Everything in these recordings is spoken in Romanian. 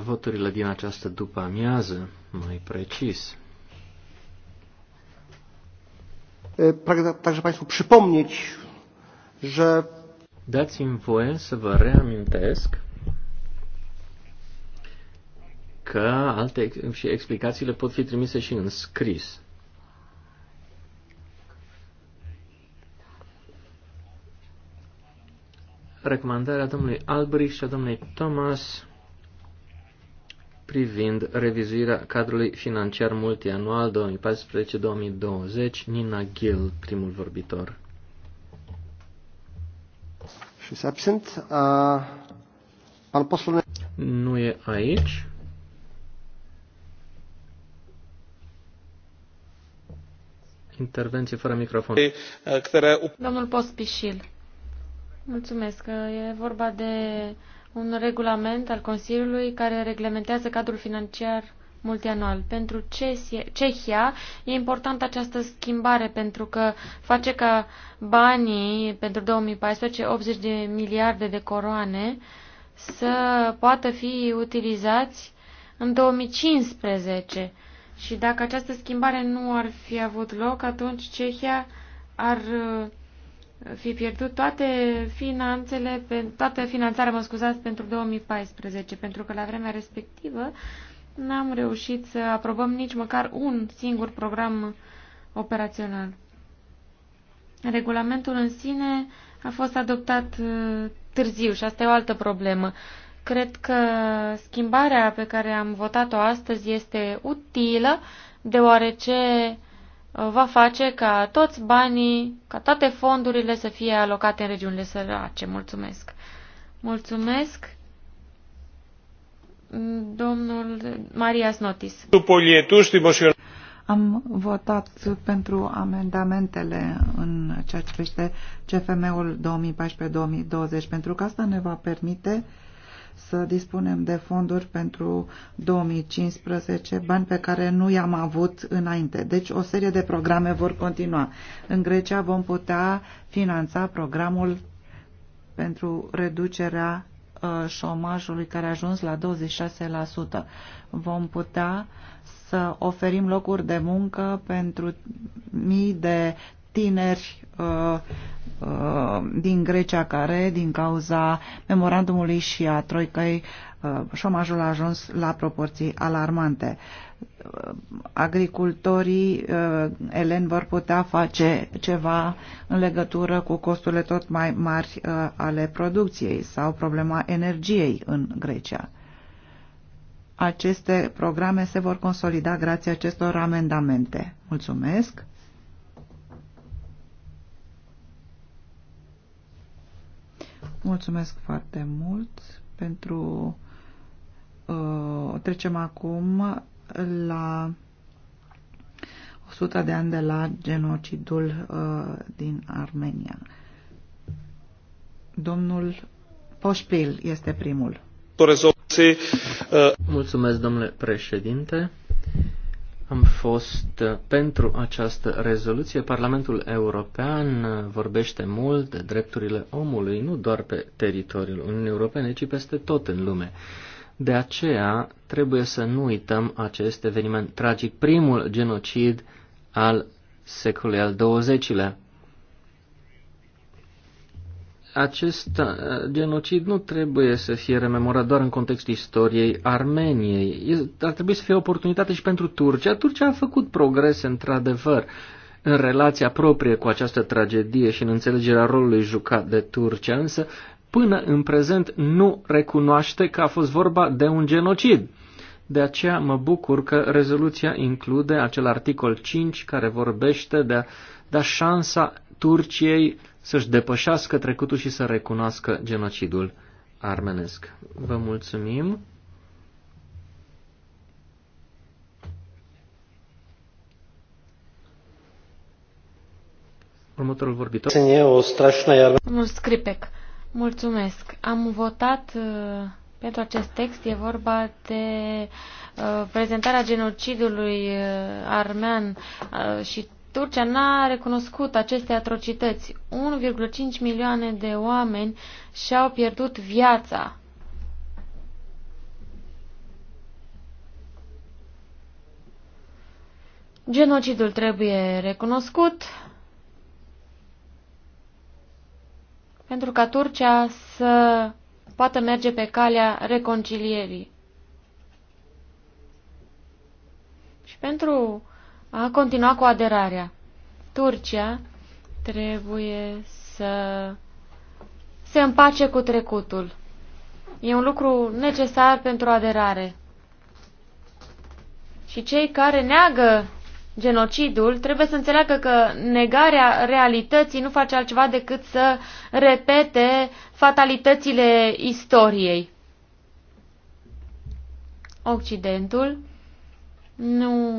voturile din această după amiază, mai precis. Pragnę także Państwu przypomnieć, że... dați im voie să vă reamintesc că alte și explicațiile pot fi trimise și în scris. Recomandarea domnului Albrecht și a domnului Thomas privind revizuirea cadrului financiar multianual 2014-2020, Nina Gill, primul vorbitor. She's absent. Uh, Nu e aici. Intervenție fără microfon. Domnul Pospișil, mulțumesc. E vorba de un regulament al Consiliului care reglementează cadrul financiar multianual. Pentru Cehia e importantă această schimbare pentru că face ca banii pentru 2014, 80 de miliarde de coroane, să poată fi utilizați în 2015. Și dacă această schimbare nu ar fi avut loc, atunci Cehia ar fi pierdut toate finanțele, toată finanțarea, mă scuzați, pentru 2014, pentru că la vremea respectivă n-am reușit să aprobăm nici măcar un singur program operațional. Regulamentul în sine a fost adoptat uh, târziu și asta e o altă problemă. Cred că schimbarea pe care am votat-o astăzi este utilă, deoarece va face ca toți banii, ca toate fondurile să fie alocate în regiunile sărace. Mulțumesc! Mulțumesc! Domnul Maria Snotis. Am votat pentru amendamentele în ceea ce privește CFM-ul 2014-2020, pentru că asta ne va permite uh, să dispunem de fonduri pentru 2015, bani pe care nu i-am avut înainte. Deci o serie de programe vor continua. În Grecia vom putea finanța programul pentru reducerea uh, șomajului care a ajuns la 26%. Vom putea să oferim locuri de muncă pentru mii de tineri uh, uh, din Grecia care, din cauza memorandumului și a troicăi, uh, șomajul a ajuns la proporții alarmante. Agricultorii Elen, vor putea face ceva în legătură cu costurile tot mai mari ale producției sau problema energiei în Grecia. Aceste programe se vor consolida grație acestor amendamente. Mulțumesc! Mulțumesc foarte mult pentru... Uh, trecem acum la 100 de ani de la genocidul uh, din Armenia. Domnul Poșpil este primul. Uh, Mulțumesc, domnule președinte. Am fost uh, pentru această rezoluție. Parlamentul European uh, vorbește mult de drepturile omului, nu doar pe teritoriul Uniunii Europene, ci peste tot în lume. De aceea trebuie să nu uităm acest eveniment tragic, primul genocid al secolului al XX-lea acest uh, genocid nu trebuie să fie rememorat doar în contextul istoriei Armeniei. Ar trebui să fie o oportunitate și pentru Turcia. Turcia a făcut progrese, într-adevăr, în relația proprie cu această tragedie și în înțelegerea rolului jucat de Turcia, însă până în prezent nu recunoaște că a fost vorba de un genocid. De aceea mă bucur că rezoluția include acel articol 5 care vorbește de a da șansa Turciei să-și depășească trecutul și să recunoască genocidul armenesc. Vă mulțumim! Următorul vorbitor. Domnul Scripec, mulțumesc. Am votat uh, pentru acest text. E vorba de uh, prezentarea genocidului uh, armean și Turcia n-a recunoscut aceste atrocități. 1,5 milioane de oameni și-au pierdut viața. Genocidul trebuie recunoscut pentru ca Turcia să poată merge pe calea reconcilierii. Și pentru a continuat cu aderarea. Turcia trebuie să se împace cu trecutul. E un lucru necesar pentru aderare. Și cei care neagă genocidul trebuie să înțeleagă că negarea realității nu face altceva decât să repete fatalitățile istoriei. Occidentul nu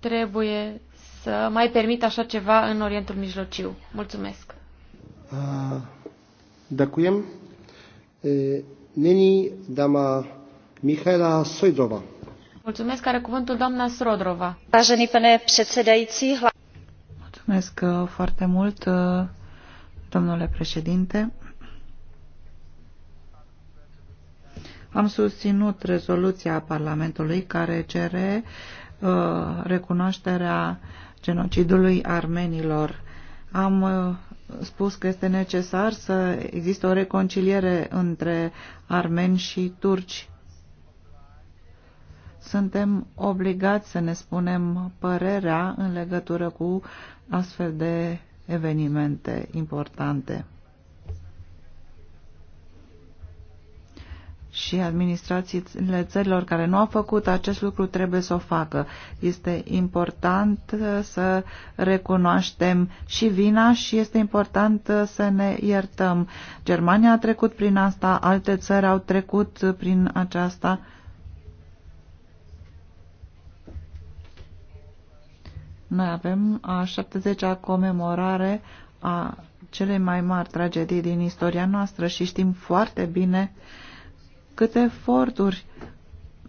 trebuie să mai permit așa ceva în Orientul Mijlociu. Mulțumesc. Dăcuiem. Neni, dama Mihaela Sojdrova. Mulțumesc, care cuvântul doamna Srodrova. Vážený pane předsedající, Mulțumesc uh, foarte mult, uh, domnule președinte. Am susținut rezoluția Parlamentului care cere uh, recunoașterea genocidului armenilor. Am uh, spus că este necesar să existe o reconciliere între armeni și turci. Suntem obligați să ne spunem părerea în legătură cu astfel de evenimente importante. și administrațiile țărilor care nu au făcut acest lucru trebuie să o facă. Este important uh, să recunoaștem și vina și este important uh, să ne iertăm. Germania a trecut prin asta, alte țări au trecut prin aceasta. Noi avem a 70-a comemorare a celei mai mari tragedii din istoria noastră și știm foarte bine uh, câte eforturi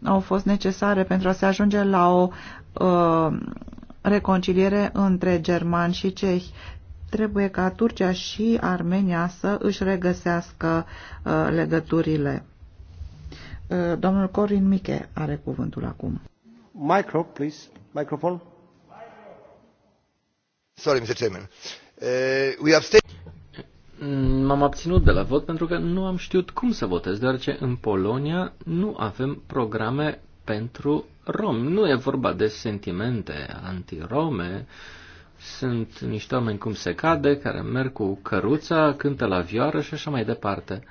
au fost necesare pentru a se ajunge la o uh, reconciliere între germani și cehi. Trebuie ca Turcia și Armenia să își regăsească uh, legăturile. Uh, domnul Corin Miche are cuvântul acum. Micro, please. Microphone. Sorry, Mr. Chairman. Uh, we have stayed... Mm, m-am abținut de la vot pentru că nu am știut cum să votez, deoarece în Polonia nu avem programe pentru romi. Nu e vorba de sentimente antirome, sunt niște oameni cum se cade, care merg cu căruța, cântă la vioară și așa mai departe.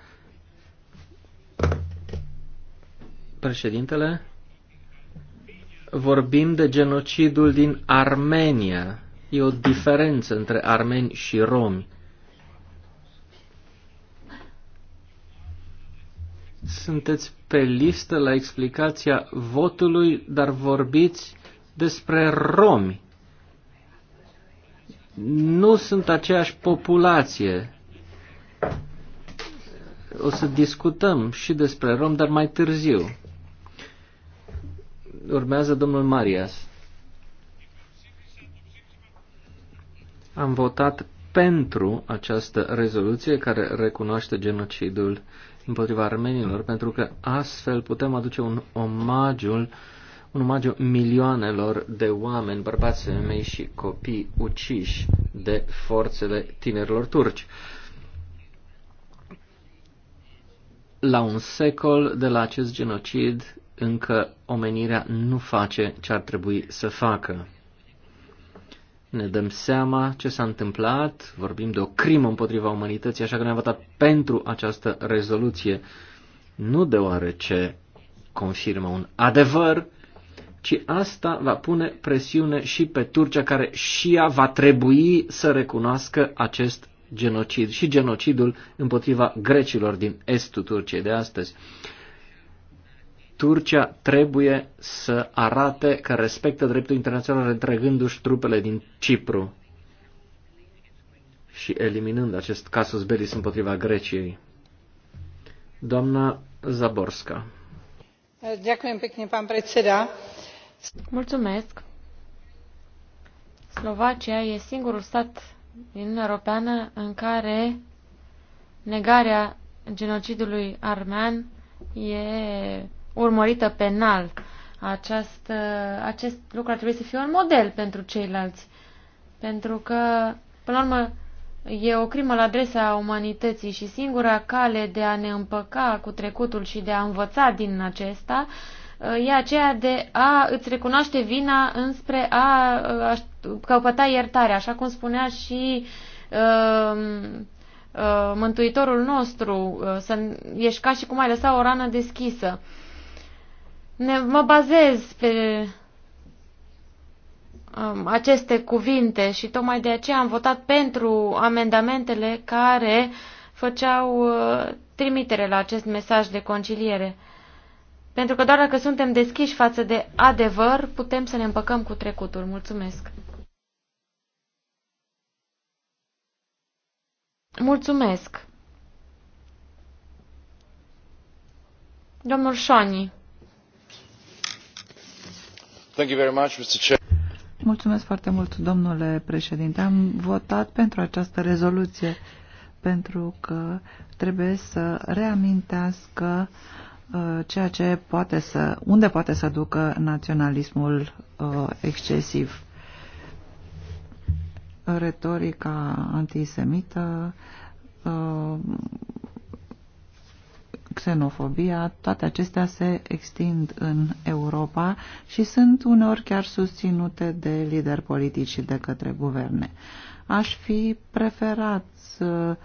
Președintele, vorbim de genocidul din Armenia. E o diferență între armeni și romi. sunteți pe listă la explicația votului, dar vorbiți despre romi. Nu sunt aceeași populație. O să discutăm și despre rom, dar mai târziu. Urmează domnul Marias. Am votat pentru această rezoluție care recunoaște genocidul împotriva armenilor, pentru că astfel putem aduce un omagiu, un omagiu milioanelor de oameni, bărbați, femei și copii uciși de forțele tinerilor turci. La un secol de la acest genocid, încă omenirea nu face ce ar trebui să facă ne dăm seama ce s-a întâmplat, vorbim de o crimă împotriva umanității, așa că ne-am votat pentru această rezoluție, nu deoarece confirmă un adevăr, ci asta va pune presiune și pe Turcia, care și ea va trebui să recunoască acest genocid și genocidul împotriva grecilor din estul Turciei de astăzi. Turcia trebuie să arate că respectă dreptul internațional retrăgându și trupele din Cipru și eliminând acest casus belis împotriva Greciei. Doamna Zaborska. Mulțumesc. Slovacia e singurul stat din Uniunea Europeană în care negarea genocidului armean e urmărită penal. Această, acest lucru ar trebui să fie un model pentru ceilalți. Pentru că, până la urmă, e o crimă la adresa umanității și singura cale de a ne împăca cu trecutul și de a învăța din acesta e aceea de a îți recunoaște vina înspre a, a căpăta iertare, așa cum spunea și uh, uh, Mântuitorul nostru, uh, să ești ca și cum ai lăsa o rană deschisă. Uh, ne, mă bazez pe um, aceste cuvinte și tocmai de aceea am votat pentru amendamentele care făceau uh, trimitere la acest mesaj de conciliere. Pentru că doar dacă suntem deschiși față de adevăr, putem să ne împăcăm cu trecutul. Mulțumesc! Mulțumesc! Domnul Șoni Mulțumesc foarte mult, domnule președinte. Am votat pentru această rezoluție pentru că trebuie să reamintească uh, ceea ce poate să, unde poate să ducă naționalismul uh, excesiv. Retorica antisemită uh, xenofobia, toate acestea se extind în Europa și sunt uneori chiar susținute de lideri politici și de către guverne. Aș fi preferat să,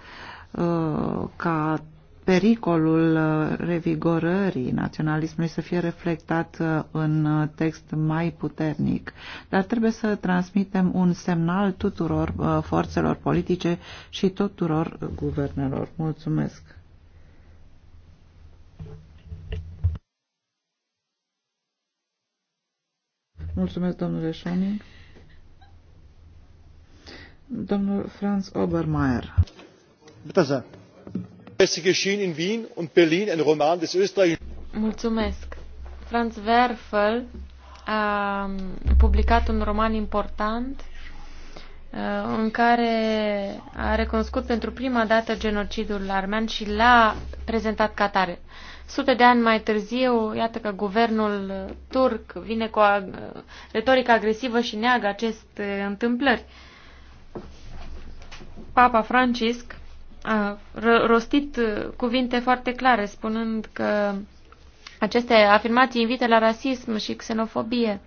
uh, ca pericolul uh, revigorării naționalismului să fie reflectat uh, în text mai puternic, dar trebuie să transmitem un semnal tuturor forțelor politice și tuturor guvernelor. Mulțumesc! Mulțumesc, domnule Schoening. Domnul Franz Obermeier. Bitte sehr. geschehen in Wien und Berlin, ein Roman des österreichischen... Mulțumesc. Franz Werfel a um, publicat un roman important Uh, în care a recunoscut pentru prima dată genocidul armean și l-a prezentat ca tare. Sute de ani mai târziu, iată că guvernul turc vine cu o retorică agresivă și neagă aceste întâmplări. Papa Francisc a rostit cuvinte foarte clare, spunând că aceste afirmații invită la rasism și xenofobie.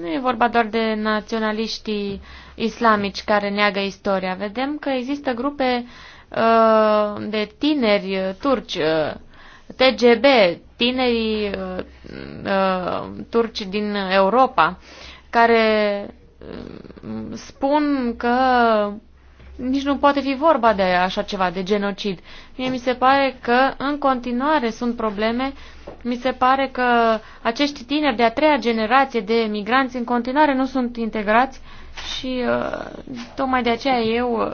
Nu e vorba doar de naționaliștii islamici care neagă istoria. Vedem că există grupe uh, de tineri turci, uh, TGB, tinerii uh, uh, turci din Europa, care uh, spun că nici nu poate fi vorba de așa ceva, de genocid. Mie mi se pare că în continuare sunt probleme, mi se pare că acești tineri de a treia generație de migranți în continuare nu sunt integrați și uh, tocmai de aceea eu uh,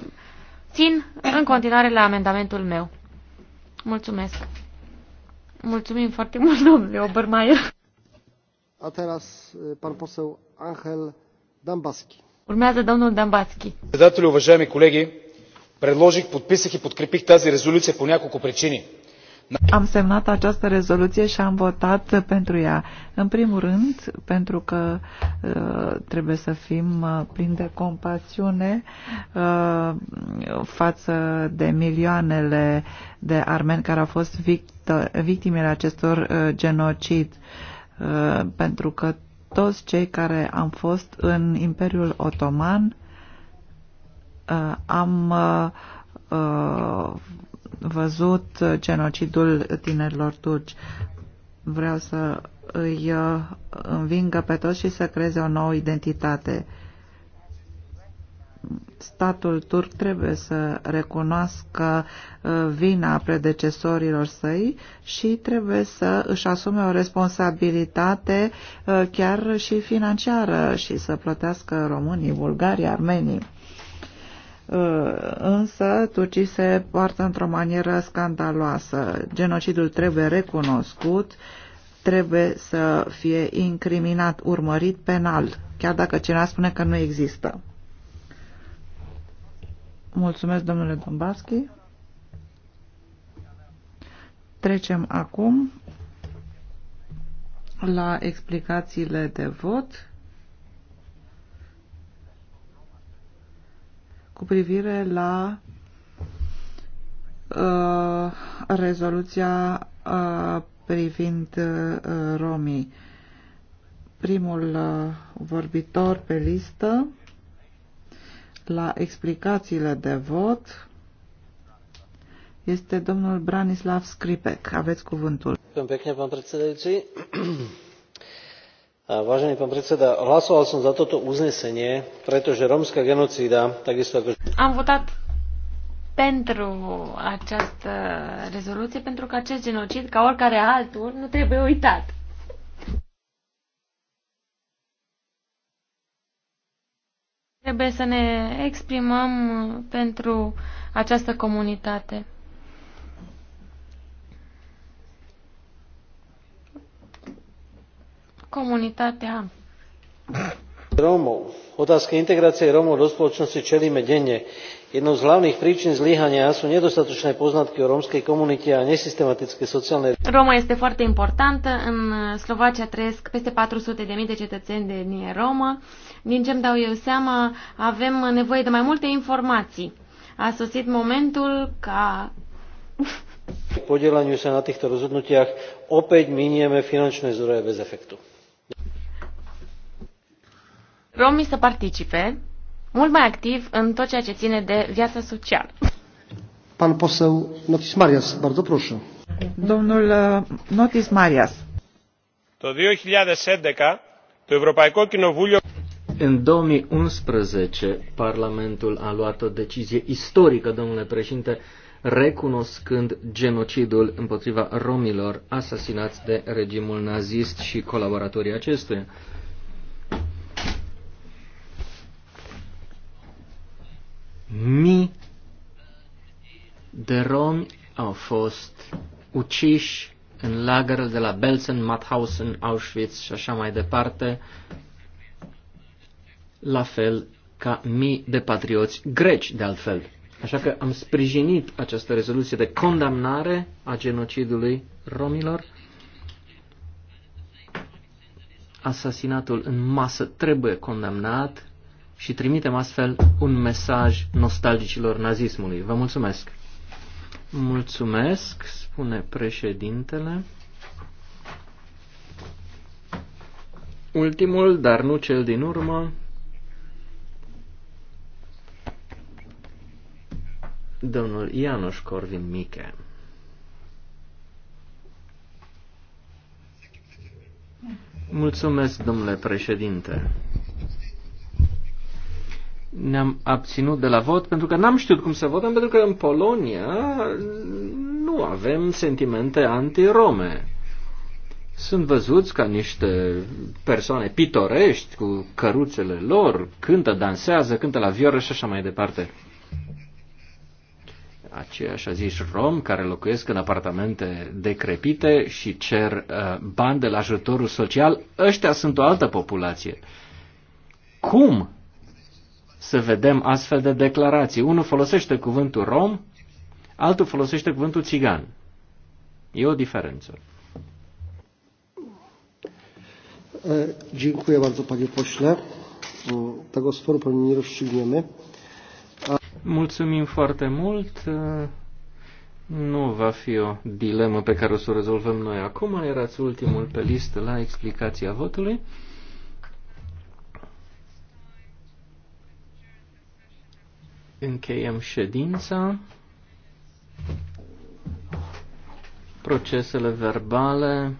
țin în continuare la amendamentul meu. Mulțumesc. Mulțumim foarte mult, domnule Obermaier. A teraz pan Angel Dambaski. Urmează domnul Dambatski. Председателю, уважаеми колеги, предложих, подписах и подкрепих тази резолюция по няколко причини. Am semnat această rezoluție și am votat pentru ea. În primul rând, pentru că uh, trebuie să fim uh, plini de compasiune uh, față de milioanele de armeni care au fost victimele acestor genocid. pentru că toți cei care am fost în Imperiul Otoman uh, am uh, văzut genocidul tinerilor turci. Vreau să îi uh, învingă pe toți și să creeze o nouă identitate statul turc trebuie să recunoască uh, vina predecesorilor săi și trebuie să își asume o responsabilitate uh, chiar și financiară și să plătească românii, bulgarii, armenii uh, însă Turcii se poartă într-o manieră scandaloasă. Genocidul trebuie recunoscut, trebuie să fie incriminat, urmărit penal, chiar dacă cineva spune că nu există. Mulțumesc, domnule Dombaschi. Trecem acum la explicațiile de vot cu privire la uh, rezoluția uh, privind uh, romii. Primul uh, vorbitor pe listă la explicațiile de vot este domnul Branislav Scripec. Aveți cuvântul. Pekne, pán predsedajúci. Vážený pán predseda, hlasoval som za toto uznesenie, pretože rómska genocída, takisto ako... Am votat pentru această rezoluție, pentru că acest genocid, ca oricare altul, nu trebuie uitat. Trebuie să ne exprimăm pentru această comunitate. Comunitatea. Romov. Otázka integrácie Rómov do spoločnosti čelíme denne jednou z hlavných príčin zlyhania sú nedostatočné poznatky o rómskej komunite a nesystematické sociálne... Roma este foarte importantă. În Slovacia trăiesc peste 400.000 de cetățeni de etnie romă. Din ce îmi dau eu seama, avem nevoie de mai multe informații. A sosit momentul ca... podielaniu sa na týchto rozhodnutiach opäť minieme finančné zdroje bez efektu. Romii să participe mult mai activ în tot ceea ce ține de viața socială. Pan poseł Notis Marias, bardzo proszę. Domnul uh, Notis Marias. Το 2011 το Ευρωπαϊκό Κοινοβούλιο în 2011, Parlamentul a luat o decizie istorică, domnule președinte, recunoscând genocidul împotriva romilor asasinați de regimul nazist și colaboratorii acestuia. Mii de romi au fost uciși în lagărul de la Belsen, Mauthausen, Auschwitz și așa mai departe, la fel ca mii de patrioți greci, de altfel. Așa că am sprijinit această rezoluție de condamnare a genocidului romilor. Asasinatul în masă trebuie condamnat și trimitem astfel un mesaj nostalgicilor nazismului. Vă mulțumesc! Mulțumesc, spune președintele. Ultimul, dar nu cel din urmă, domnul Ianoș Corvin Miche. Mulțumesc, domnule președinte ne-am abținut de la vot pentru că n-am știut cum să votăm, pentru că în Polonia nu avem sentimente anti-rome. Sunt văzuți ca niște persoane pitorești cu căruțele lor, cântă, dansează, cântă la vioră și așa mai departe. Aceiași zici rom care locuiesc în apartamente decrepite și cer uh, bani de la ajutorul social, ăștia sunt o altă populație. Cum să vedem astfel de declarații. Unul folosește cuvântul rom, altul folosește cuvântul țigan. E o diferență. Dziękuję bardzo panie pośle. Tego sporu pewnie nie rozstrzygniemy. Mulțumim foarte mult. Nu va fi o dilemă pe care o să o rezolvăm noi acum. Erați ultimul pe listă la explicația votului. Încheiem ședința. Procesele verbale